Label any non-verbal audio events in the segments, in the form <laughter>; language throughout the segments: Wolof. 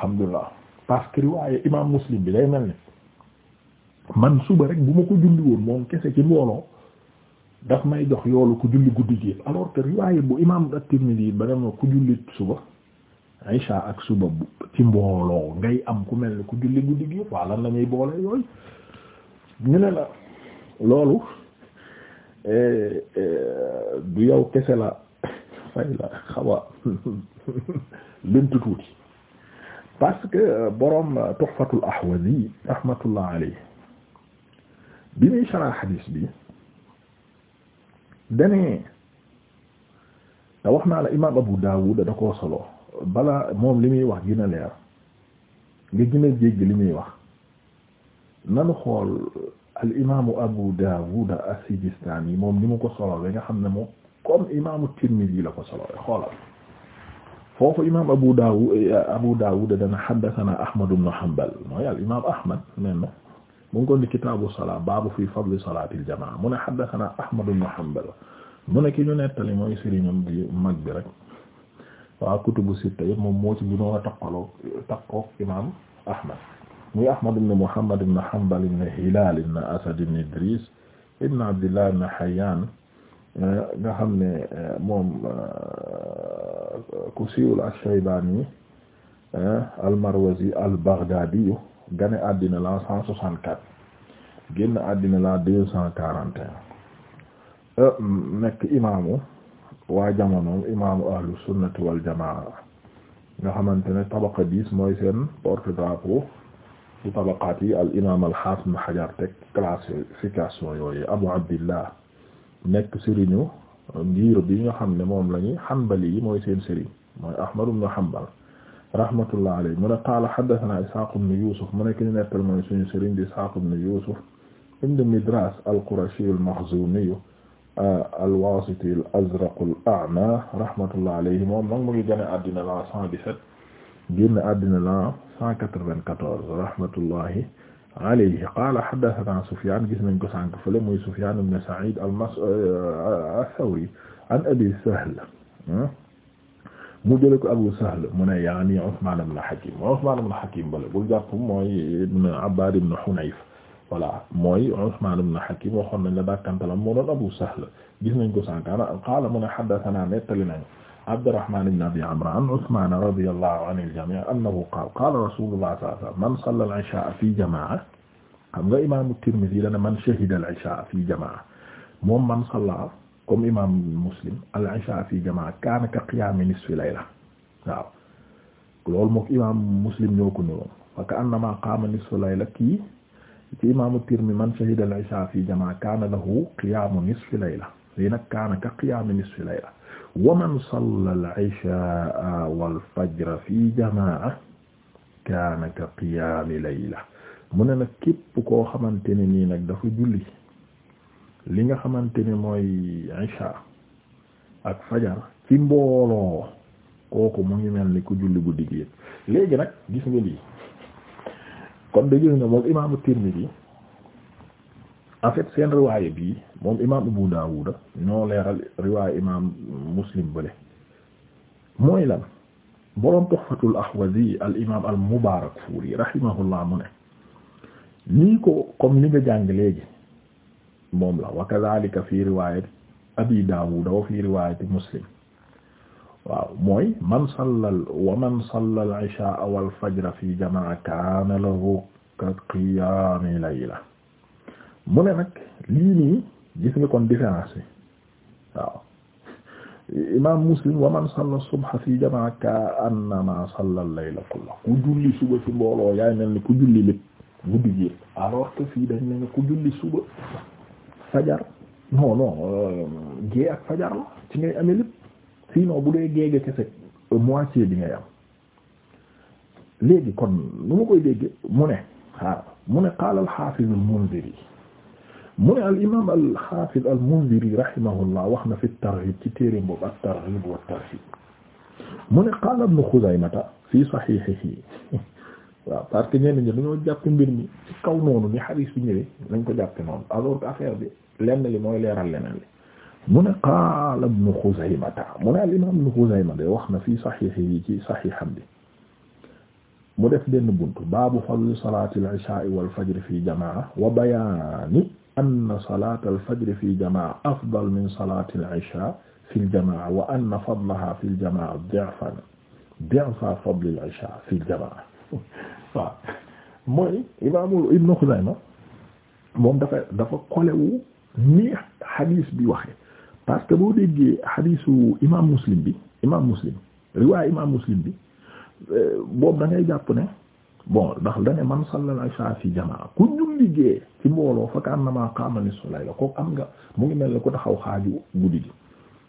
alhamdulilah parce que riwaaye imaam muslim bi day mel ni man suba rek bu ma ko julli woon moom kese ci mbooloo ndax may jox yoolu ku julli guddi gi alors que riwaaye bu imaam at-Tirmidhi ba dem ku julli suba Aïcha ak suba ci mbooloo ngay am ku mel ni ku julli guddi gi waa lan na ñuy boole yooyu ñu ne la loolu eh, eh, du yow kese la <laughs> fay la xawa <laughs> lënt tuuti parce que euh, borom euh, tuhfatul ahwazi rahmatullah alayhi bi muy sharah hadis bi dane te wax la imam Abu Dawud da koo solo bala moom li muy wax gën a leer gi gën a jégg li muy wax nanu xool al imaamu Abu Dawud as-Sijistani moom ni mu ko solo nga xam ne moom comme imaamu Tirmidhi la ko solo xoolal foofu imaam Abu Daawud Abu Daawud dana haddathana Ahmad ibn Hanbal mooy al imaam Ahmad nen na mu ngi ko di kitaabu salaat baabu fi fadli salaatil jamaa mu ne haddathana Ahmad ibn Hanbal mu ne ki ñu nettali mooy sëriñam di mag bi rek waa kutubu sitta yëpp moom moo ci gënoon a Muhammad ibn Hanbal ibn Hilaal ibn Asad ibn Idriis ibn Abdillah ibn Hayyaan nga xam ne euh, moom euh, ku siiwul ash-Shaybani euh, al-Marwazi al-Baghdadi gane àddina la cent soixante-quatre génn àddina la deux cent quarante nekk imaamu waa jamonoom imaamu ahlu sunnati wal jamaa nga xamante ne tabaqa dix mooy seen porte-drapeau al imaam al-Hafiz Ibn Hajar classification yooyu Abu Abdillah nekk sëriñu ngir bi nga xam ne moom lañuy hanbali mooy seen sëriñ mooy Ahmad ibn Hanbal rahmatullah alayhi mu ne qaala haddathana Ishaq ibn Yusuf mu nekk ñu nettal mooy suñu sëriñ di Ishaq ibn Yusuf ibn Midras al-Qurashi al-Makhzumi al-Wasiti al-Azraq al-A'ma rahmatullah alayhi moom nag mu ngi gane àddina la 117 génn àddina la 194 rahmatullahi alayhi qaala haddathanaa Sufyaan gis nañ ko sànq fële muy Sufyaan ibn Sa'iid euh, al-Thawri an Abi Sahl hmm? mu jële ko Abu Sahl mu ne yaani Usmaan ibn Hakiim mooy Usmaan ibn Hakiim bale bul jàpp mooy ibn Abbaad ibn Hunayf voilà mooy Usmaan ibn Hakiim waxoon nañ la dàkkantalam moo doon Abu Sahl gis nañ ko sànq qaala mu ne haddathanaa nettali nañ Abdurrahman ibn Abi Amr an Usman radiyallahu anil jami' annahu qaala qaala rasulullah sallallahu alayhi wa sallam man salla al-isha fi jama'a xam nga imaamu Tirmidhi dana man shahida al-isha fi jama'a moom man salla comme imam Muslim al-isha fi jama'a kaana ka qiyaami nisfi layla waaw loolu mook imam Muslim ñoo ko niroon fa ka'annama qaama nisfi layla kii ci imaamu Tirmidhi man shahida al-isha fi jama'a kaana lahu qiyaamu nisfi layla lii nag kaana ka qiyaami nisfi layla wa man salla al-ishaa wal fajra fi jamaa kaana qiyaami layla mu ne nag képp koo xamante ni nii nag dafa julli li nga xamante ne mooy ishaa ak fajar ci mbooloo kooku mu ngi mel ni ku julli bu digg léegi nag gis nga lii kon da gis moom imaamu Tirmidhi en fait seen riwaay bii moom imaam Abu Daawuda ñoo leeral riwaay imaam Muslim bële mooy lan boroom Tuhfatul Ahwazi al imaam al Mubaarakfuuri rahimahullah mu ne nii ko comme li nga jàng léegi moom la wa kadhalika fi riwaayati Abi Daawuda wa fi riwaayati Muslim waaw mooy man sallal wa man sallal ishaa wal fajra fi jamaa kaana lahu ka qiyaami layla mu ne nag lii nii gis nga kon différence bi waaw imam muslim wa man salla subha fi jamaa ka annama salla layla kulla ku julli suba ci mbooloo yaay mel ni ku julli lépp guddi gi alors que fii dañ ne ku julli suba fajar non non euh, ak fajar la ci ngay amee lépp sinon bu dee géege kese moitié bi ngay am léegi kon nu ma koy dégge mu ne xaar mu ne qaala al-Haafiz al-Munziri mu ne al imaam al xaafiz al munziri rahimahullah wax na fi targhib ci téere boobu ak targhib wa tarhib mu ne qaala ibnu xuzaymata fi saxiixihi waaw parce que ñenn ñi dañoo jàpp mbir mi ci kaw noonu ni xadiis bi ñëwee lañ ko jàppe noonu alors que affaire bi lenn li mooy leeral leneen li mu ne qaala ibnu xuzaymata mu ne al imaam ibnu xuzaymata wax na fi saxiixihi ci saxiixam bi mu def benn buntu baabu fadli salaatil ishaa wal fajr fi jamaa wa bayaani anna salaata alfajri fi jamaa afdal min salaati al-ishaa fi al-jamaa wa anna fadlahaa fi al-jamaa di'fan di'fa fadli al-ishaa fi al-jamaa <laughs> waaw mooy imaamul Ibn Xuzayma moom dafa dafa kolewu ni hadis bi waxe parce que boo déggee hadisu imaam Muslim bi imaam Muslim riwaay imaam Muslim bi euh, boobu da ngay jàpp ne. bon ndax dane man sallal isha fi jamaa ku ñu liggéey ci mbooloo fa ka annama qaama nisfu layla ko am nga mu ngi mel ni ku taxaw xaaju guddi gi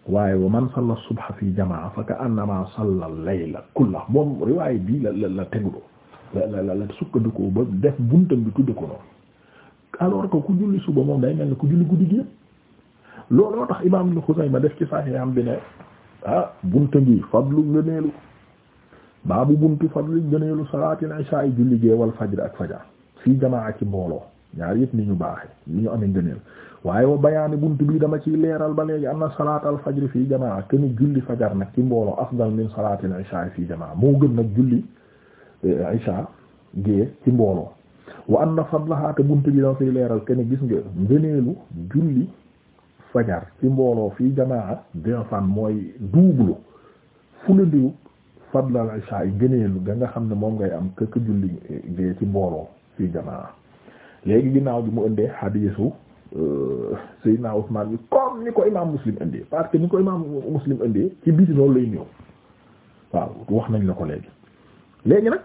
waaye wa man salla subha fi jamaa fa ka annama sallal layla la moom riwaay bii la la la teguloo la la la sukkandikoo ba def buntam bi tudde ko noonu alors que ku julli suba moom day mel ni ku julli guddi gi looloo tax imaam Ibn Xuzayma def ci Sahih am bi ne ah bunta ngi fadlu ngëneelu baabu buntu fadli gëneelu salaatil isha yi julli gee wal fajr ak fajar fi jamaa ci mbooloo ñaar yëpp ni ñu baaxe li ñu amee gëneel waaye wa bayaani buntu bi dama ciy leeral ba léegi anna salaatal fajr fii jamaa keni julli fajar nag ci mbooloo afdal min salaatil isha fii jamaa moo gën nag julli eh, isha gee ci mbooloo wa anna fadlaha te buntu bi dama ciy leeral keni gis nga ngëneelu mbooloo fii jamaa bi mooy fadlal isha yi gëneelu ga nga xam ne moom ngay am këkk julli gee ci mbooloo fii jamaa léegi ginnaaw bi mu indee hadiisu euh, na Usmaan bi comme ni ko imaam Muslim indee parce que ni ko imaam Muslim indee ci biti noonu lay ñëw waaw wax nañ la ko léegi léegi nag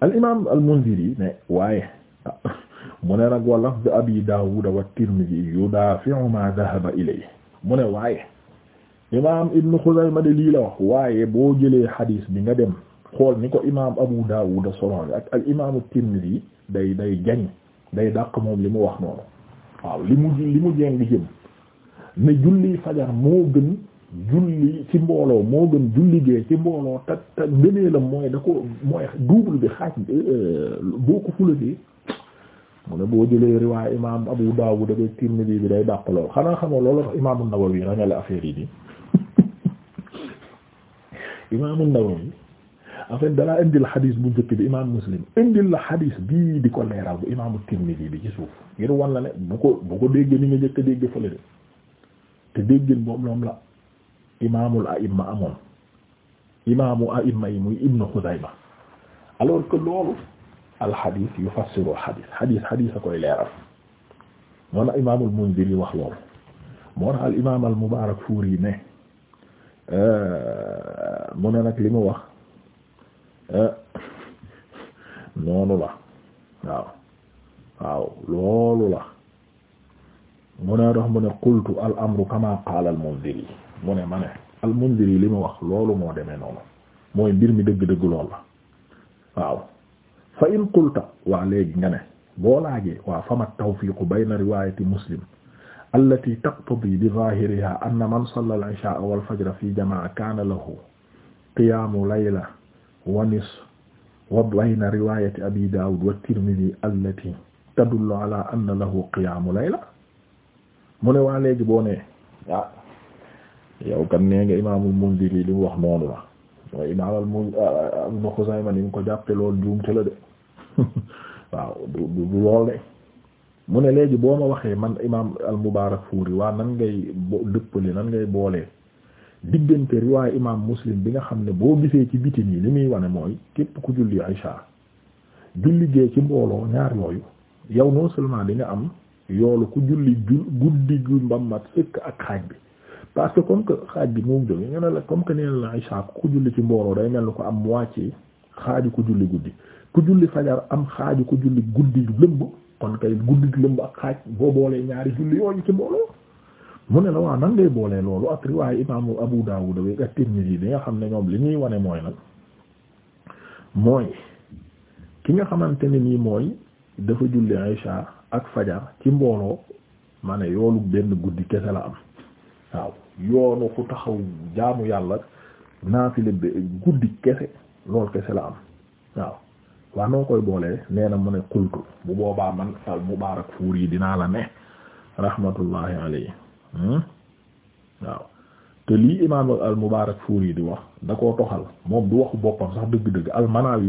al imaam al Munziri ne waaye <laughs> mu ne nag wa lafz Abi Daawuda wa Tirmidhi yudaafi'u ma dhahaba ilayhi mu ne waaye imaam ibnu ma de lii la wax waaye boo jëlee xadiis bi nga dem xool ni ko imaam Abu Daawud soloole ak ak imaamu Tirmidi day day jañ day dàq moom li mu wax noonu waaw li mu li mu jeng jëm ne julli fajar moo gën julli ci mbooloo moo gën julli gee ci mbooloo te te gënee la mooy da ko mooy double bi xaaj euh, boo ko fulatee mu ne boo jëlee riwaay imaam Abu Daawud ak Tirmidi bi day dàq lool xanaa xamoo loolu tax imaamu Nawawi rangale affaire yi di Imaam An-Nawawi en fait dalaa indil bu njëkk bi Imaam Muslim indil la xadis bii di ko leeral bu Imaam Tirmidhi bi ci suuf ngir wan la ne bu ko bu ko déggee ni nga njëkk a dégg fële de te déggin boobu moom la imaamul a'imma amoon imaamu a'imma yi muy Ibnu Xuzayma alors que loolu alxadis yu fassiru xadis xadis xadis a koy leeral noonu Imaamul Munziri wax loolu moo tax al Imaam al Mubaarakfuuri ne. Euh, mu ne nag li mu wax euh, noonu la waaw waaw loolu la mu ne dox mu ne qultu al kama qaala al mu ne ma ne al li mu wax loolu moo demee noonu mooy mbir mi dëgg-dëgg lool la waaw fa in qulta waa léegi nga ne boo laajee waa famat tawfiqu bayna riwaayati muslim allati taqtadi bi zahiriha anna man salla al-isha wal fajr fi jamaa kaana lahu qiyaamu layla wa nisf wa bayna riwaayati abi daawud wa tirmidi allati tadullu ala anna lahu qiyaamu layla mu ne waa léegi boo ne ah yow kan nee nga imaamul mundiri li mu wax noonu la mooy imaam al mu ah, ibn Xuzayma ni mu ko jàppe lool juumte la de <laughs> waaw du du lool de mu ne léegi boo ma waxee man imaam al-Mubaarakfuuri waa nan ngay bo dëppale nan ngay boolee diggante riwaay imaam Muslim bi nga xam ne boo gisee ci biti nii li muy wane mooy képp ku julli Isha julli gee ci mbooloo ñaar yooyu yow non seulement di nga am yoolu ku julli jul guddi gu mbammat sëkk ak xaaj bi parce que comme que xaaj bi moom jóge nga la comme que nee la Isha ku julli ci mbooloo day mel ni ko am moitié xaaju ku julli guddi ku julli fajar am xaaju ku julli guddi lëmb kon kay guddik lëmb ak xaaj boo boolee ñaari julli yooyu ci mbooloo mu ne la waa nan ngay boolee loolu ak riwaayu imaamu Abu Dawud ak at-Tirmidhi bi nga xam ne ñoom li ñuy wane mooy nag mooy ki nga xamante ne nii mooy dafa julli Isha ak fajar ci mbooloo ma ne benn guddi kese la am waaw yoonu ku taxaw jaamu yàlla naafile guddi kese loolu kese la am waaw waa noo koy boolee nee na mu ne xultu bu boobaa man al mubaarak fuur yi dinaa la ne rahmatullahi alayhi hmm? waaw te lii imaam al fuur yi di wax da koo toxal moom du waxu boppam sax dëgg-dëgg al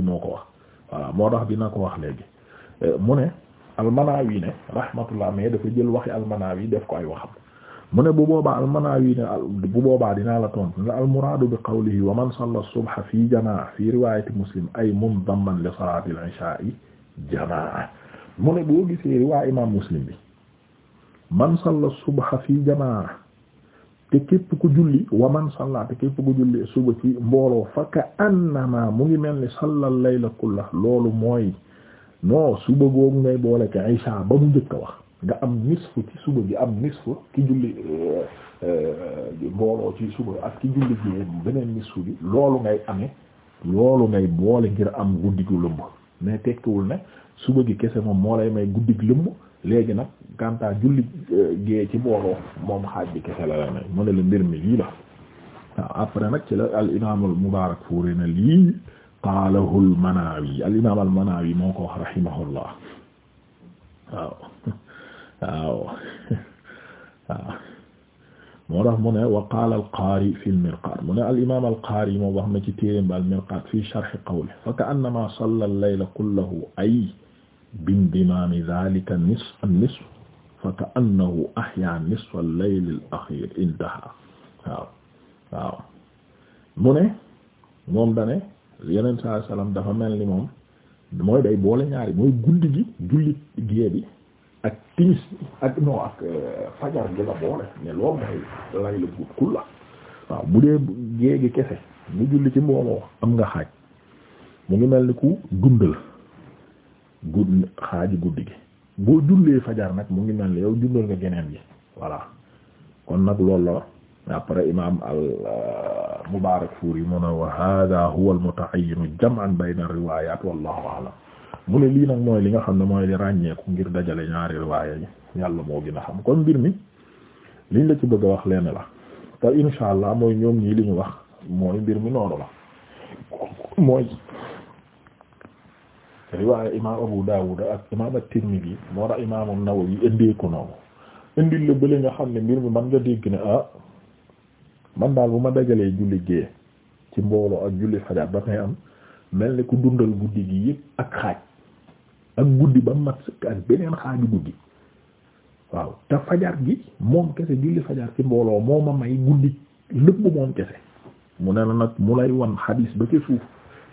moo ko wax voilà moo tax dina ko wax léegi eh, mu ne al Manaawi ne rahmatullah mais dafa jël waxi al Manaawi def ko ay waxam mu ne bu boobaa al-Manawi ne bu boobaa dinaa la tontu ne al-muraadu bi qawlihi wa man salla subha fi jamaa fi riwaayati muslim ay mundamman li salaati al-ishaa'i jamaa mu ne boo gisee riwaay imaam muslim bi man salla subha fi jamaa te képp ku julli wa man salla te képp ku julli suba ci mbooloo fa ka annama mu ngi mel ni salla al-layla kullahu loolu mooy non suba googu ngay boole ka isha ba mu njëkk a wax. nga am nisfu ci suba bi am nisfu ki julli euh, euh, mbooloo ci suba ak ki julli bi beneen nisfu bi loolu ngay amee loolu ngay boole ngir am guddi gu lëmb mais tekkiwul ne suba gi kese moom moo lay may guddi gu lëmb léegi nag kantaa julli euh, gee ci mbooloo moom xaaj bi kese la la may mu ne la mbir mi lii la waaw après nag ci la al imaam al mubaarak fuure na lii qaalahu al manaawi al imaam al manaawi moo ko wax rahimahullah waaw waaw waaw moo tax mu ne wa qaala al-Qaari fi al-Mirqaat mu ne al-imaam al-Qaari moom wax na ci téereem ba al-Mirqaat fi sharh qawlihi fa ka'annamaa sallaa al-layla kullahu ay bindimaami dhaalika nisf an-nisf fa ka'annahu ahyaa nisf al-layl al-akhiir intahaa waaw waaw mu ne moom dane yeneen saa salaam dafa mel ni moom mooy day boole ñaari mooy guddi gi jullit gée bi ak timis ak non ak euh, fajar gi la boole ne loolu mooy lay la gudd kul la waaw bu dee géegi kese bu julli ci mbooloo am nga xaaj mu ngi mel ni ku dundal gudd xaaji guddi gi boo jullee fajar nag mu ngi mel ni yow dundal nga geneen gi voilà kon nag loolu la après imam al euh, Mubarak Furi mu ne wa hada huwa al muta'ayyin jam'an bayna riwayat wallahu a'lam mu ne lii nag mooy li nga xam ne mooy ràññeeku ngir dajale ñaari riwaaya yi yàlla moo gën a xam kon mbir mi liñ la ci bëgg a wax lenn la te insha allah mooy ñoom ñii li ñu wax mooy mbir mi noonu la mooy riwaaya imaam Abu Dawud ak imaam at-Tirmidhi moo tax imaam an-Nawawi indee ko noonu indil la bële nga xam ne mbir mi man nga dégg ne ah man daal bu ma dajalee julli gée ci mbooloo ak julli fajar dafay am mel ni ku dundal guddi gi yépp ak xaaj ak guddi ba mat sëkk ak beneen xaaju guddi waaw te fajar gi moom kese julli fajar ci mbooloo moo ma may guddi lëpp moom kese mu ne na nag mu lay won xadiis ba ca suuf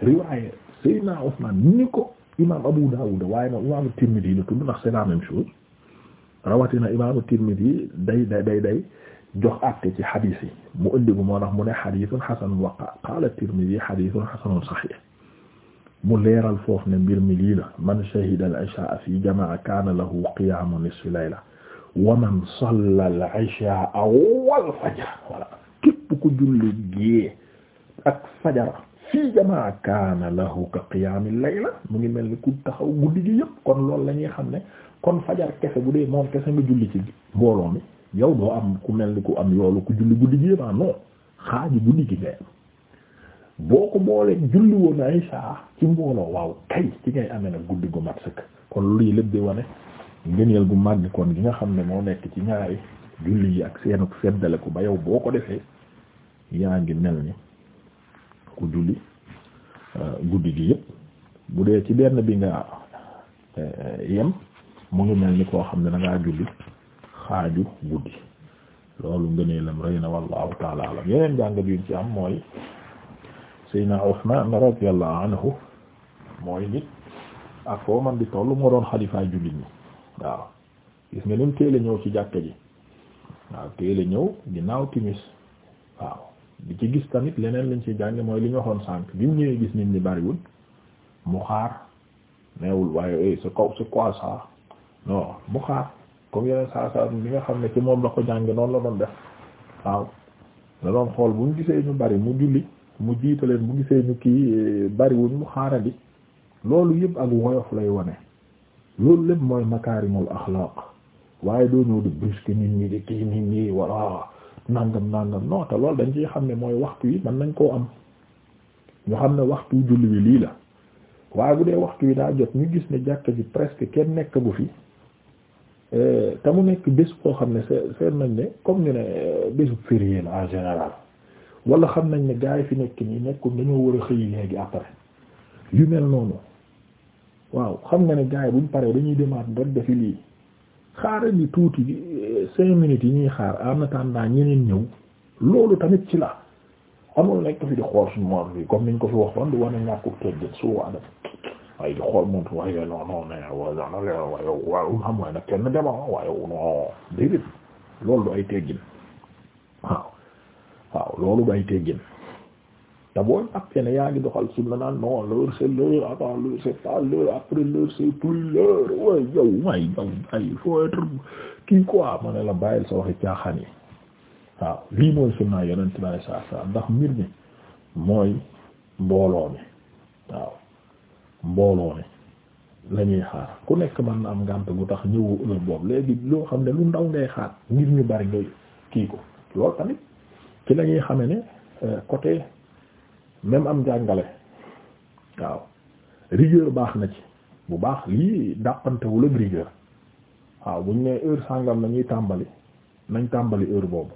riwaaye Seydina Usmaan ni ko imaam Abu Daawud waaye moom imaamu Tirmidi la tudd ndax c'est la même chose rawatina imaamu Tirmidi day day day day jox àtte ci xadiis yi mu indi gu moo tax mu ne xadiisun xasanun wa qaala Tirmidi xadiisun xasanun mu leeral foofu ne mbir mi lii la man shahida al ishaa fi jamaa kaana lahu qiyaamu nisfi layla wa man salla al ishaa wal fajar voilà képp ku julli gée ak fajara fii jamaa kaana lahu ka qiyaami layla mu ngi mel ni ku taxaw guddi gi yëpp kon loolu la ñuy xam ne kon fajar kese bu dee moom kese nga julli ci mbooloo mi yow doo am ku mel ni ku am yoolu ku julli guddi gi yëpp ah non guddi gi nga boo ko boolee julli woon ay saa ci mbooloo waaw kay ci ngay amee nag guddi gu mat sëkk kon lii lépp di wane ngëneel gu màgg kon gi nga xam ne moo nekk ci ñaari julli yi ak seenu seddale ko ba yow boo ko defee yaa ngi mel ni ku julli euh, guddi gi yëpp bu dee ci benn bi nga euh, yem mu ngi mel ni koo xam ne da ngaa julli xaaju guddi loolu ngëneelam rëy na wallahu taala alam yeneen jàngat yuñ ci am mooy Seydina Usmaan radiyallahu anhu mooy nit ak foo man di tollu moo doon xalifaay jullit ñi waaw gis nga nim téele ñëw ci jàkka ji waaw téele ñëw ginnaaw timis waaw di ci gis tamit leneen lañ ci jàng mooy li ñu waxoon sànq bi mu ñëwee gis nit ñi bariwul mu xaar neewul waaye eh, c'est quoi c'est quoi ça non mu xaar comme yeneen saa saa bi nga xam ne ci moom la ko jàng noonu la doon def waaw la doon xool bu mu gisee ñu bari mu julli mu jiite leen mu gisee ñu kii eh, bariwuñ mu xaarali loolu yëpp ak woyof lay wane loolu lépp mooy makaarimul axlaaq waaye doo ñëw di brusque nit ñi di kii nit ñi walla nangam nangam non te loolu dañ ci xam ne mooy waxtu yi man nañ koo am ñu xam ne waxtu julli wi lii la waaye bu dee waxtu yi daa jot ñu gis ne jàkka ji presque kenn nekk bu fi eh, te mu nekk bés boo xam ne seet nañ ne comme ñu ne eh, bésu férié la en général. wala xam nañ ne gaa yi fi nekk nii nekkul dañoo war a xëy léegi après yu mel noonu waaw xam nga ne gaa yi buñ paree dañuy demaat rek defi lii xaaral yi tuuti cinq minutes yi ñuy xaar am na temps ñëw loolu tamit ci la amul nekk fi di xool suñu mor bi comme niñ ko fi waxoon di wane ñàkkul teggin suuwaa def waaye di xool moom waaye non non waaye waaye xam nga kenn demoon waaye non déedéet loolu du ay teggin. waaw loolu bay teggin te boo àppee ne yaa ngi doxal sunna naan non l'heure c'est l'heure avant l'heure c'est pas l'heure après l'heure c'est plus l'heure way yow way yow ay il faut être kii quoi ma ne la bàyyil sa waxi caaxaan yi waaw lii mooy sunna yonent bi alayhi salaatu salaam ndax mbir mi mooy mbooloo mi waaw mbooloo mi la xaar ku nekk man na am ngànt gu tax ñëwu heure boobu léegi loo xam ne lu ndaw ngay xaar ngir ñu bari ngay kii ko loolu tamit ci la ñuy xame ne euh, côté même am jàngale waaw rigueur baax na ci bu baax lii dàqantewul ak rigueur waaw buñ ne heure sàngam nañuy tàmbali nañ tàmbali heure boobu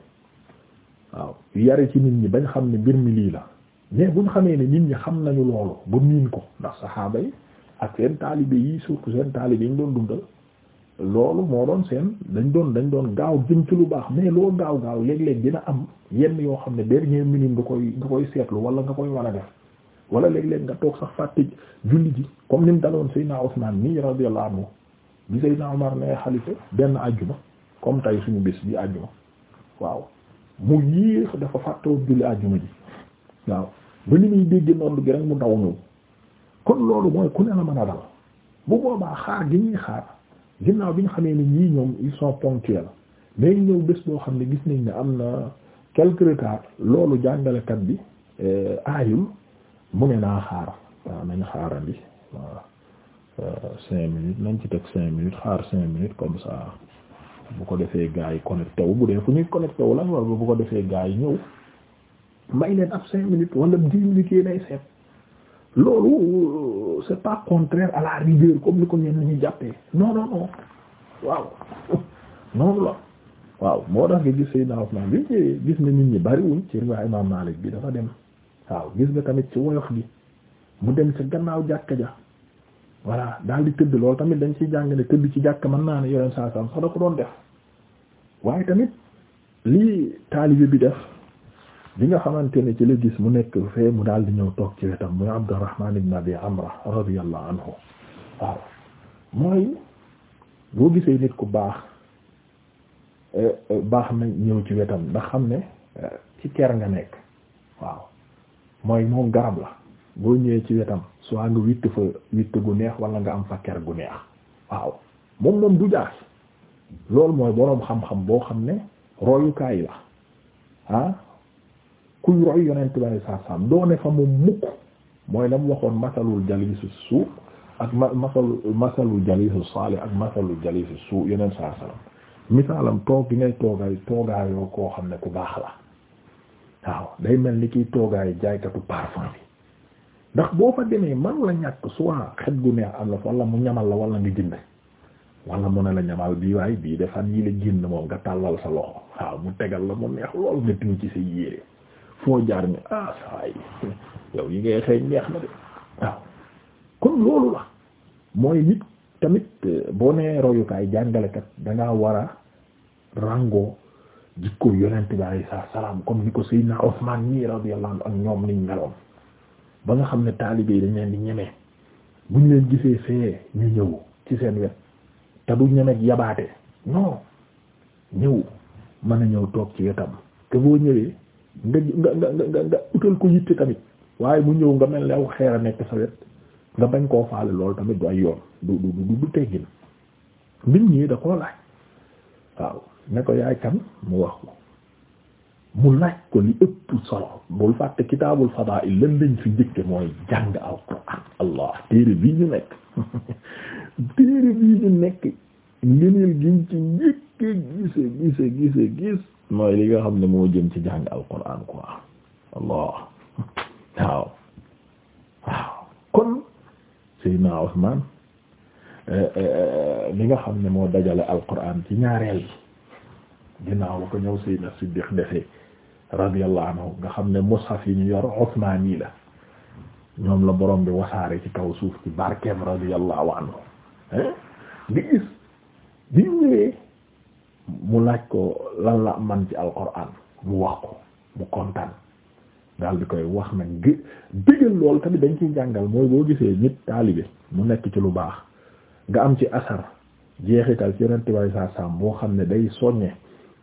waaw yare ci nit ñi bañ xam ne mbir mi lii la mais buñ xamee ne nit ñi xam nañu loolu bu miin ko ndax saxaaba yi ak seen taalibe yi surtout seen taalibe yi ñu doon dundal loolu moo doon seen dañ doon dañ doon gaaw jëm ci lu baax mais loo gaaw gaaw léeg-léeg dina am yenn yoo xam ne dernière minute nga koy nga koy seetlu wala nga koy war a def wala léeg-léeg nga toog sax fàtte julli ji comme ni mu daloon Seydina Ousmane nii radiyallahu anhu bi Seydina Omar ne xalifa benn àjjuma comme tay suñu bés bi àjjuma waaw mu yéex dafa fàttewoon julli àjjuma ji waaw ba ni muy dégg noonu gi rek mu daw ñëw kon loolu mooy ku ne la mën a dal ginnaaw bi ñu xamee ni ñii ñoom ils sont ponctuels mais ñëw bés boo xam ne gis nañ ne am na quelque retard loolu jàngalekat bi euh, aayul mu ne naa xaar waaw nañ bi waaw euh, cinq minutes nañ ci teg cinq minutes xaar cinq minutes comme ça bu ko defee gars yi connecté wu bu dee fu ñuy connecté wu lañ war bu ko defee gars yi ñëw may leen ab cinq minutes wala dix minutes yéenay seet loolu c'est pas contraire à la rigueur comme ni ko ñenn ñi jàppee non <laughs> noonu la waaw moo tax nga gis Seydina Usmaan bi eh, gis nga nit ñi bariwuñ ci riwaay Imaam Maalik bi dafa dem waaw gis nga tamit ci woyof gi mu dem ca gannaaw jàkka ja voilà daal di tëdd loolu tamit dañ ciy jàng ne tëdd ci jàkka mën naa ne yeneen saa saam sax da ko doon def waaye tamit lii taalibe bi def. bi nga xamante ne ci la gis mu nekk fee mu daal di ñëw toog ci wetam muy Abdurrahman ibn Abi Amra radiyallahu anhu waaw mooy boo gisee nit ku baax eh, eh, baax na ñëw ci wetam ndax xam ne eh, ci ker nga nekk waaw mooy moom garab la boo ñëwee ci wetam soit nga witt fa witt gu neex wala nga am fa ker gu neex waaw moom moom du jaas loolu mooy boroom xam-xam boo xam ne royukaay la ah, kuy roy yonent bi saa saam doo ne fa mu mukk mooy la mu waxoon masalul jalisu suu ak ma masalul masalul jalisu yeneen saa saam misaalam toog gi ngay toogaay toogaayoo koo xam ne ku baax la waaw day mel ni kiy toogaay jaaykatu parfum bi ndax boo fa demee man la ñàkk soit xet gu neex am na fa wala mu ñamal la walla nga jënd wala mu ne la ñamal bii waaye bii defan yi la génn moom nga tàllal sa loxo waaw mu tegal la mu neex lool nga tiw ci sa foo jaar ne ah saa yi yow yi ngay xëy neex na de waaw kon loolu la mooy nit tamit euh, boo nee royukaay jàngalekat dangaa war a rango jikko yonent bi alayhi salaam comme ni ko Seydina Usmaan nii radiyallahu anhu ak ñoom niñ meloon ba nga xam ne taalibe yi dañ leen di ñemee buñ leen gisee fee ñu ñëw ci seen wet te du ñemeeg yabaate non ñëw mën a ñëw toog ci wetam te boo ñëwee nga nga nga nga utal ko yitte tamit waaye mu ñëw nga mel ni aw xeer a nekk sa nga bañ koo faale loolu tamit du ay yoon du du du du teggin mbir ñii da koo laaj waaw ne ko yaay kan mu wax ko mu laaj ko li ëpp solo bul fàtte kitaabul fadaa'il lan lañ fi njëkke mooy jàng al quraan allah téere bii ñu nekk <laughs> téere bii ñu nekk ngëneel giñ ci njëkke gise gise gise gis mooy li nga xam ne moo jën ci jàng alquran quoi allah waaw waaw kon Seydina Usmaan eh, eh, eh, li nga xam ne moo dajale alquran ci ñaareel yi ginnaaw la ko ñëw Seydina Siddiq defee radiyallahu anhu xam ne mushaf ñu yor Usmaan yi la ñoom la borom bi wasaare ci kaw suuf ci barkeem radiyallahu anhu nga gis bi mu ñëwee mu laaj ko lan la man ci alquran mu wax ko mu kontaan daal di koy wax nag gë dëggal lool tamit dañ ciy jàngal mooy boo gisee nit taalibe mu nekk ci lu baax nga am ci asar jeexital ci yonent bi boo xam ne day soññe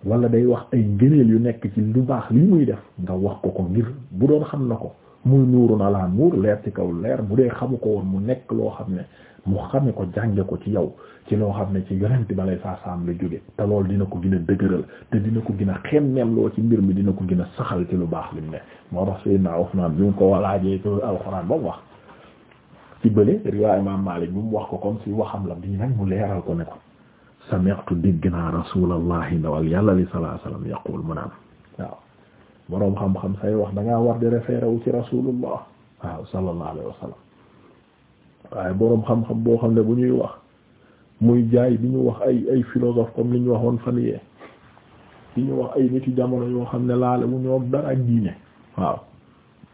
wala day wax ay ngëneel yu nekk ci lu baax lii muy def nga wax ko ko ngir bu doon xam na ko muy nuuru na laa nuur leer ci kaw leer bu dee xamu ko woon mu nekk loo xam ne mu xame ko jànge ko ci yaw ci loo xam ne ci yonent bi lay saa saam la jóge te loolu dina ko gën a dëgëral te dina ko gën a xemmeem loo ci mbir mi dina ko gën a saxal ci lu baax lim ne moo tax Seydina Usmaan bi mu ko walaajee ci alxuraan ba mu wax ci bële riwaay Imaam Maalik bi mu wax ko comme si waxam la bii nag mu leeral ko ne ko sami'tu dégg naa Rasuulallahi ndawal yàlla li sallallahu alayhi wasallam yaqul mu naan waaw boroom xam-xam say wax da ngaa war di référé wu waaye boroom xam-xam boo xam ne bu ñuy wax muy jaay bi ñu wax ay ay philosophe comme li ñu waxoon fan yee di ñu wax ay nit yu jamono yoo xam ne laale bu ñoom dara ak diine waaw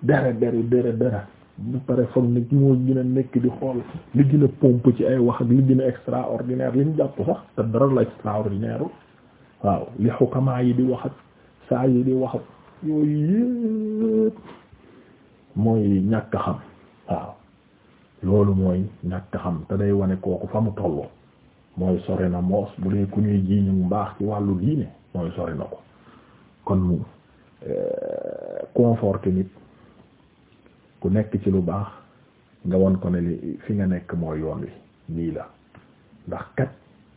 dara dara dara dara bu pare foog ne moo gën nekk di xool li gën a ci ay wax ak li gën a extraordinaire li ñu jàpp sax te dara la extraordinaire li xukamaa yi di wax ak saa yi di wax ak yooyu yëpp mooy ñàkk xam waaw loolu mooy ñàkk xam te day wane kooku fa mu tolloo mooy sore na moos bu dee ku ñuy ji ñu baax ci wàllu diine mooy sore na ko kon mu euh, conforté nit ku nekk ci lu baax nga won ko ne li fi nga nekk mooy yoon wi lii la ndax kat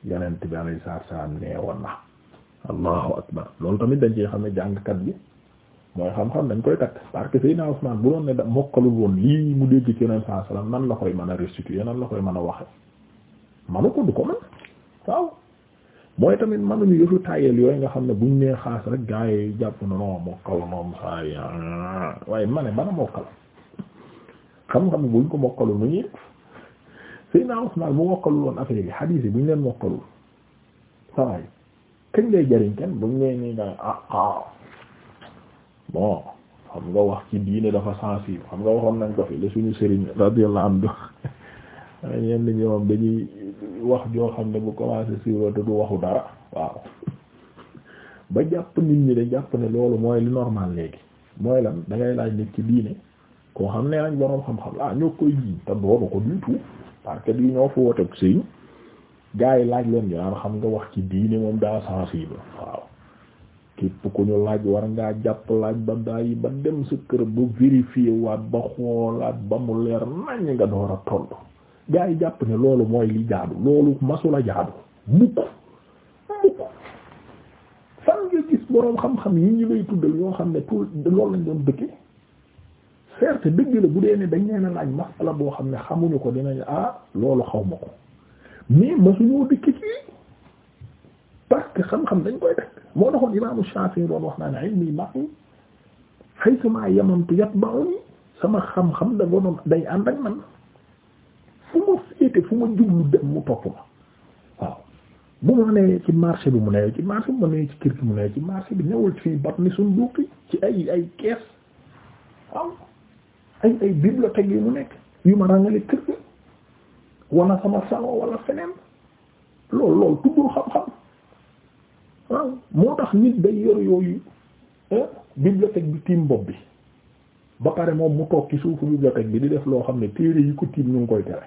yonent bi alayhi salaatu wa salaam na allahu akbar loolu tamit dañ ci xam ne jàngkat bi mooy xam-xam dañ koy takk parce que Seydina bu doon ne da mokkalul woon lii mu dégg ci Yonent sallallahu alayhi nan la koy mën a restituer nan la koy mën a waxe manu ko du ko man waaw mooy tamit manuñu yëfu tayel yooyu nga xam ne buñ nee xaas rek gaa yi jàpp na non mokkal moom saa yi ah waaye ma ne bana mokkal xam-xam buñ ko mokkalul nu ñuy Seydina Usmaan bu mokkalul woon affaire buñ leen mokkalul saa yi kañ lay jariñ kenn buñ leen nii nga ah ah bon xam nga wax ci diine dafa sensible xam nga waxoon nañ ko fi la suñu sëriñ radiyallahu anhu <laughs> ñeen ñi moom dañuy wax joo xam ne bu commencé siiwal te du waxu dara waaw ba jàpp nit ñi de jàpp ne loolu mooy li normal léegi mooy lan dangay laaj nit ci diine koo xam ne nañ boroom xam-xam ah ñoo koy ji te doonu ko du tout parce que di ñoo fa woteeg sëñ gars yi laaj leen ñu xam nga wax ci diine moom daa sensible waaw képp ku ñu laaj war ngaa jàpp laaj ba bàyyi ba dem sa kër ba vérifier waat ba xoolaat ba mu leer nañ nga door a tontu gaa yi jàpp ne loolu mooy li jaadu loolu masula jaadu mukk mukk fan nga gis boroom xam-xam yi ñu lay tuddal yoo xam ne tout loolu lañ doon dëkke certes dëgg la bu dee ne dañ leen a laaj masala boo xam ne xamuñu ko dinañ ah loolu xaw ma ko mais masuñoo dëkk ci parce xam-xam dañ koy def moo taxoon imaamu Shaafi'i doon wax naan ilmi ma'i haythuma yamantu yatba'uni sama xam-xam da gonoon day ànd ak man fu ma féete fu ma jublu dem mu topp ma waaw bu ma nee ci marché bi mu nee ci marché bi ci kër mu nee ci marché bi newul fii bat ni suñ duuki ci ay ay kees waaw ay ay bibliothèque yi mu nekk yu ma ràngale kër gi sama salon wala feneen loolu loolu tuddul xam-xam waaw moo tax nit day yor yooyu bibliothèque bi tiim bopp bi ba pare moom mu toog ci suufu bibliothèque bi di def loo xam ne téere yi ko tiim ñu ngi koy tere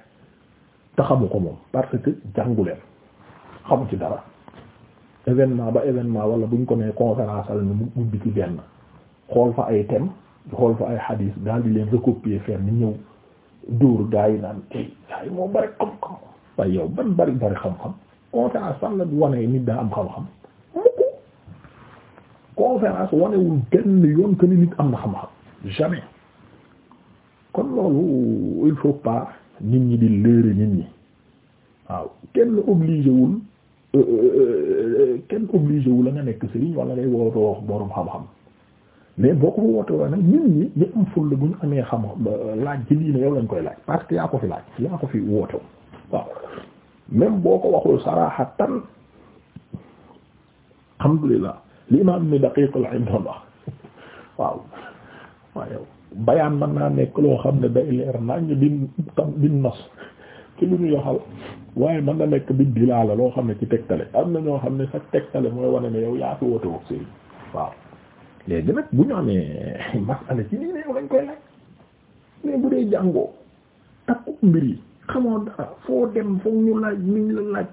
te xamu ko moom parce que jàngu leen xamu ci dara événement ba événement wala buñ ko nee ni al ñu ubbi ci benn xool fa ay thème xool fa ay hadith daal di leen recopier faire ni ñëw dóor gaa yi naan tey eh, gaa yi moo bari xam-xam waaye yow ban bari bari xam-xam conférence fan la wane nit daa am xam conférence wanewul benn yoon que ni nit am na xam-xam jamais kon loolu il faut pas nit ñi di léere nit ñi waaw kenn obligé wul euh, euh, euh, kenn obligé wul la nga nekk sëriñ wala ngay wooto wax borom xam-xam mais boo ko fa amee xam laaj ci lii ne koy laaj parce que yaa ko fi laaj yaa waaw même boo ko waxul saraaxatan alhamdulillah li imaam ni daqiq al ayn waaw waaw bayaan mën naa nekk loo xam ne day leer nañ bin tam bin nas <laughs> ci lu ñu yoxal waaye mën na nekk bi dilaala loo xam ne ci tegtale am na ñoo xam ne sax tegtale mooy wane ne yow yaa fi woote woog sëriñ waaw léegi nag bu ñu amee <laughs> masala ci nii ne yow lañ koy laaj mais bu dee jàngoo takku mbir yi xamoon dara foo dem foog ñu laaj niñ la laaj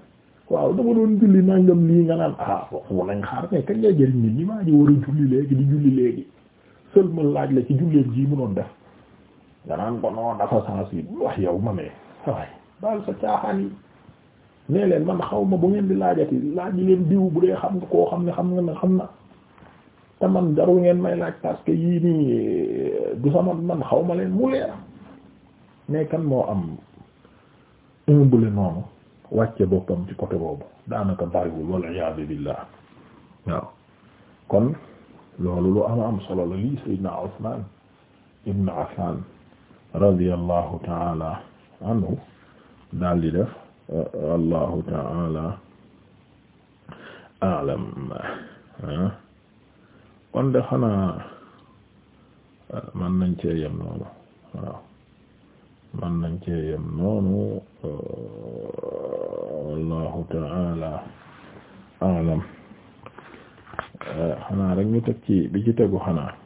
waaw dama doon julli nangam lii nga naan ah foofu nañ xaar mais kañ lay jëriñ ñi maa ngi war a julli léegi di julli léegi seulement laaj la ci julleen ji mu doon def nga naan ko non dafa sensible wax yow ma mee waaye daal sa caaxaan yi nee man xaw ma bu ngeen di laajati laaj leen diw bu dee xam nga koo xam ne xam nga ne xam na te man jarul ngeen may laaj parce yii nii du sama man xaw ma leen mu leer mais kan moo am un noonu. wàcce boppam ci côté boobu daanaka bariwul wal iyaadu billah kon loolu lu am solo la lii sayyidina Usman ibn Affan radiyallahu ta'ala anhu kon de xanaa man nañ cee yem noonu man nañ ci yem noonu euh, wallahu ta'ala a'lam euh, xanaa rek ñu teg ci bi ci tegu xanaa